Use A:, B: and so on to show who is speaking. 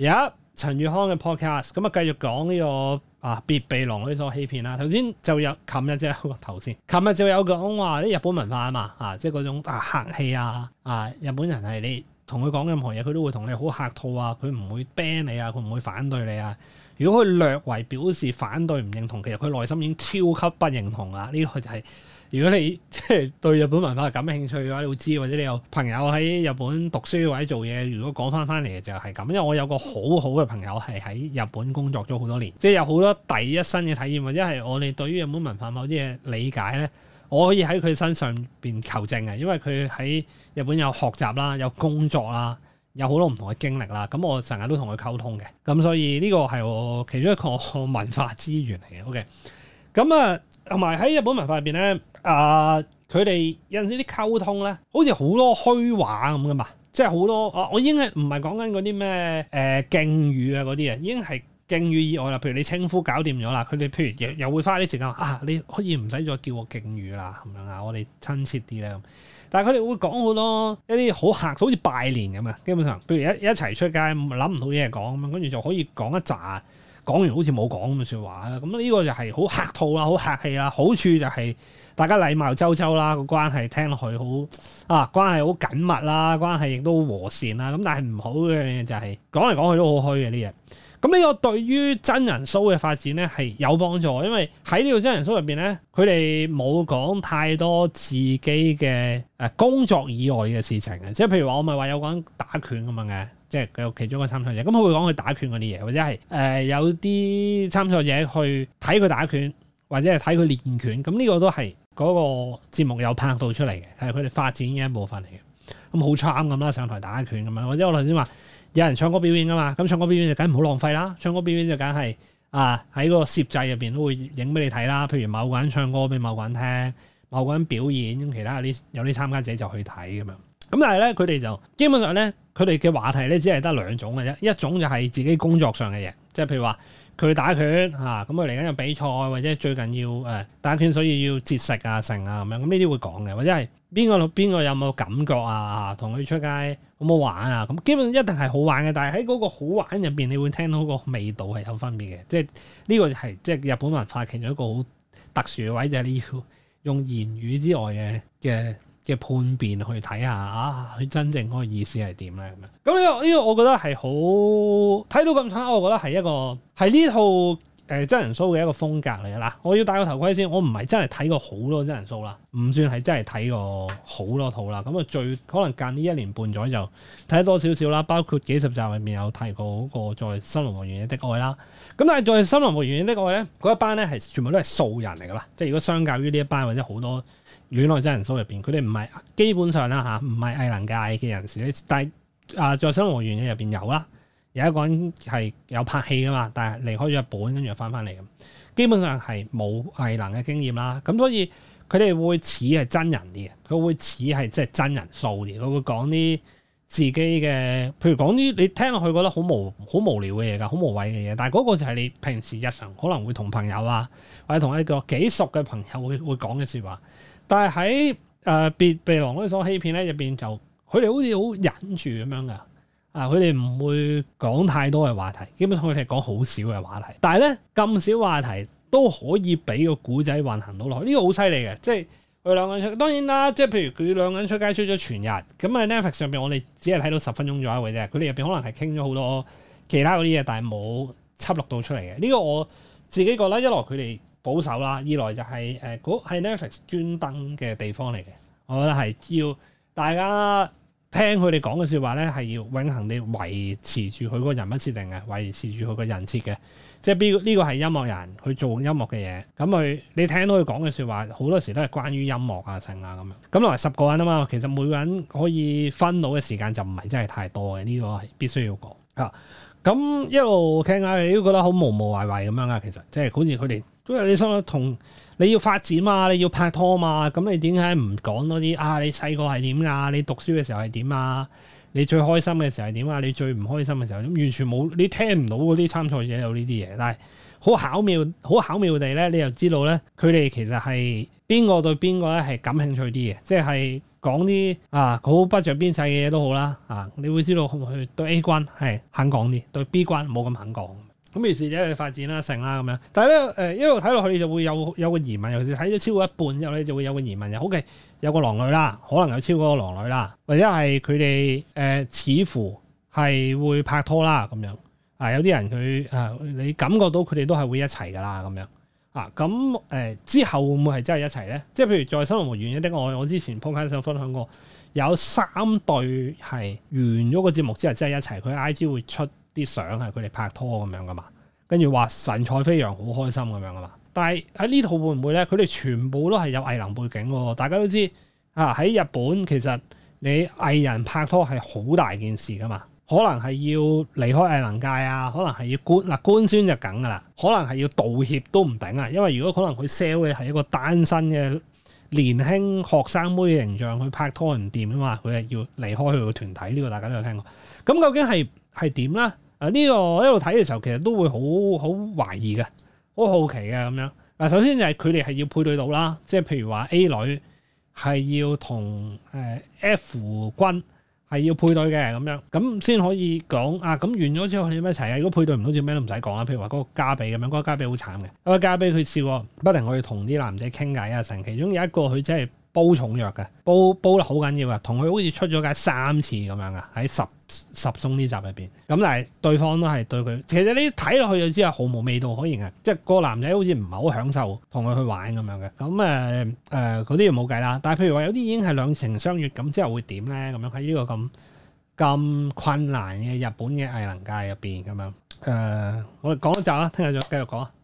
A: 有陳宇康嘅 podcast，咁啊繼續講呢個啊別被狼所欺騙啦。頭先就有琴日即係個頭先，琴日就，就有講話啲日本文化啊嘛，啊即係嗰種啊客氣啊，啊日本人係你同佢講任何嘢，佢都會同你好客套啊，佢唔會 ban 你啊，佢唔會反對你啊。如果佢略為表示反對唔認同，其實佢內心已經超級不認同啊。呢、這個就係、是。如果你即係對日本文化感興趣嘅話，你會知，或者你有朋友喺日本讀書或者做嘢，如果講翻翻嚟就係咁。因為我有個好好嘅朋友係喺日本工作咗好多年，即係有好多第一身嘅體驗，或者係我哋對於日本文化某啲嘢理解呢，我可以喺佢身上邊求證嘅，因為佢喺日本有學習啦，有工作啦，有好多唔同嘅經歷啦。咁我成日都同佢溝通嘅，咁所以呢個係我其中一個文化資源嚟嘅。OK，咁啊，同埋喺日本文化入邊呢。啊！佢哋、呃、有陣時啲溝通咧，好似好多虛話咁噶嘛，即係好多啊！我已經係唔係講緊嗰啲咩誒敬語啊嗰啲啊，已經係敬語以外啦。譬如你稱呼搞掂咗啦，佢哋譬如又，又會花啲時間啊，你可以唔使再叫我敬語啦，咁樣啊，我哋親切啲啦。但係佢哋會講好多一啲好客，好似拜年咁啊。基本上，譬如一一齊出街，諗唔到嘢講咁樣，跟住就可以講一紮，講完好似冇講咁嘅說話啊。咁呢個就係好客套啦，好客氣啦。好處就係、是。大家禮貌周周啦，個關係聽落去好啊，關係好緊密啦，關係亦都和善啦。咁但係唔好嘅嘢就係、是、講嚟講去都好虛嘅啲嘢。咁呢個對於真人 show 嘅發展咧係有幫助，因為喺呢個真人 show 入邊咧，佢哋冇講太多自己嘅誒、呃、工作以外嘅事情嘅。即係譬如話，我咪話有講打拳咁樣嘅，即係佢有其中一個參賽者，咁佢會講佢打拳嗰啲嘢，或者係誒、呃、有啲參賽者去睇佢打拳，或者係睇佢練拳。咁呢個都係。嗰個節目有拍到出嚟嘅，係佢哋發展嘅一部分嚟嘅。咁好慘咁啦，上台打拳咁樣，或者我頭先話有人唱歌表演㗎嘛，咁唱歌表演就梗唔好浪費啦，唱歌表演就梗係啊喺個攝製入邊都會影俾你睇啦。譬如某個人唱歌俾某個人聽，某個人表演，咁其他啲有啲參加者就去睇咁樣。咁、嗯、但係咧，佢哋就基本上咧，佢哋嘅話題咧，只係得兩種嘅啫。一種就係自己工作上嘅嘢，即係譬如話。佢打拳嚇，咁佢嚟緊有比賽，或者最近要誒、呃、打拳，所以要節食啊、剩啊咁樣，咁呢啲會講嘅，或者係邊個邊個有冇感覺啊？同佢出街好唔好玩啊？咁基本一定係好玩嘅，但係喺嗰個好玩入邊，你會聽到個味道係有分別嘅，即係呢個係即係日本文化其中一個好特殊嘅位，就係、是、你要用言語之外嘅嘅。嘅判變去睇下啊，佢真正嗰個意思係點咧咁樣呢？咁呢個呢個，我覺得係好睇到咁睇，我覺得係一個係呢套誒真人 show 嘅一個風格嚟啊！嗱，我要戴個頭盔先，我唔係真係睇過好多真人 show 啦，唔算係真係睇過好多套啦。咁啊，最可能近呢一年半左右睇多少少啦。包括幾十集入面有提過嗰個在森林和原野的愛啦。咁但係在森林和原野的愛咧，嗰一班咧係全部都係素人嚟噶啦，即係如果相較於呢一班或者好多。戀愛真人騷入邊，佢哋唔係基本上啦吓，唔、啊、係藝能界嘅人士咧。但係啊，在生活嘅原因入邊有啦，有一個人係有拍戲㗎嘛，但係離開咗日本，跟住又返返嚟咁。基本上係冇藝能嘅經驗啦，咁、啊嗯、所以佢哋會似係真人啲嘅，佢會似係即係真人騷啲，佢會講啲。自己嘅，譬如講啲你聽落去覺得好無好無聊嘅嘢㗎，好無謂嘅嘢。但係嗰個就係你平時日常可能會同朋友啊，或者同一個幾熟嘅朋友會會講嘅説話。但係喺誒被被狼哥所欺騙咧，入邊就佢哋好似好忍住咁樣㗎，啊佢哋唔會講太多嘅話題，基本上佢哋講好少嘅話題。但係咧，咁少話題都可以俾個古仔運行到落去，呢個好犀利嘅，即係。佢兩個人出，當然啦，即係譬如佢兩個人出街出咗全日，咁喺 Netflix 上邊我哋只係睇到十分鐘左右嘅啫。佢哋入邊可能係傾咗好多其他嗰啲嘢，但係冇輯錄到出嚟嘅。呢、這個我自己覺得，一來佢哋保守啦，二來就係、是、誒，嗰、呃、係 Netflix 專登嘅地方嚟嘅，我覺得係要大家。聽佢哋講嘅說話咧，係要永恆地維持住佢嗰個人物設定嘅，維持住佢嘅人設嘅。即係呢、這個呢個係音樂人去做音樂嘅嘢，咁佢你聽到佢講嘅說話，好多時都係關於音樂啊、剩啊咁樣。咁落嚟十個人啊嘛，其實每個人可以分到嘅時間就唔係真係太多嘅，呢、這個係必須要講吓。咁、啊嗯嗯、一路傾下，你都覺得好無無謂謂咁樣啊。其實即係好似佢哋。因為你想同你要發展啊，你要拍拖嘛、啊，咁你點解唔講嗰啲啊？你細個係點啊？你讀書嘅時候係點啊？你最開心嘅時候係點啊？你最唔開心嘅時候，咁完全冇，你聽唔到嗰啲參賽者有呢啲嘢，但係好巧妙、好巧妙地咧，你又知道咧，佢哋其實係邊個對邊個咧係感興趣啲嘅，即係講啲啊好不着邊際嘅嘢都好啦啊！你會知道佢對 A 關係肯講啲，對 B 關冇咁肯講。咁於是者，去發展啦、成啦咁樣。但係咧，誒，一路睇落去你就會有有個疑問，尤其是睇咗超過一半之後，你就會有個疑問，又好嘅，有個狼女啦，可能有超過個狼女啦，或者係佢哋誒似乎係會拍拖啦咁樣。啊，有啲人佢啊，你感覺到佢哋都係會一齊噶啦咁樣。啊，咁、啊、誒之後會唔會係真係一齊咧？即係譬如在新《新萌物園》呢個我我之前鋪開想分享過，有三對係完咗個節目之後真係一齊，佢 I G 會出。啲相係佢哋拍拖咁樣噶嘛，跟住話神采飛揚，好開心咁樣噶嘛。但係喺呢套會唔會咧？佢哋全部都係有藝能背景喎。大家都知啊，喺日本其實你藝人拍拖係好大件事噶嘛，可能係要離開藝能界啊，可能係要官嗱、啊、官宣就梗噶啦，可能係要道歉都唔頂啊。因為如果可能佢 sell 嘅係一個單身嘅年輕學生妹形象去拍拖唔掂啊嘛，佢係要離開佢個團體。呢個大家都有聽過。咁究竟係係點咧？啊！呢、這個一路睇嘅時候，其實都會好好懷疑嘅，好好奇嘅咁樣。嗱，首先就係佢哋係要配對到啦，即係譬如話 A 女係要同誒 F 君係要配對嘅咁樣，咁先可以講啊。咁、啊、完咗之後，佢哋咪一齊啊？如果配對唔到，似咩都唔使講啊。譬如話嗰個加比咁樣，嗰、那個加比好慘嘅。阿、那個、加比佢笑，不停我要同啲男仔傾偈啊，神。其中有一個佢真係。煲重藥嘅，煲煲得好緊要啊！同佢好似出咗街三次咁樣啊，喺十十宗呢集入邊，咁但係對方都係對佢，其實你睇落去就知係毫無味道可言嘅，即係個男仔好似唔係好享受同佢去玩咁樣嘅。咁誒誒，嗰啲就冇計啦。但係譬如話有啲已經係兩情相悅咁，之後會點咧？咁樣喺呢個咁咁困難嘅日本嘅藝能界入邊咁樣，誒、呃，我哋講一集啦，聽日再繼續講。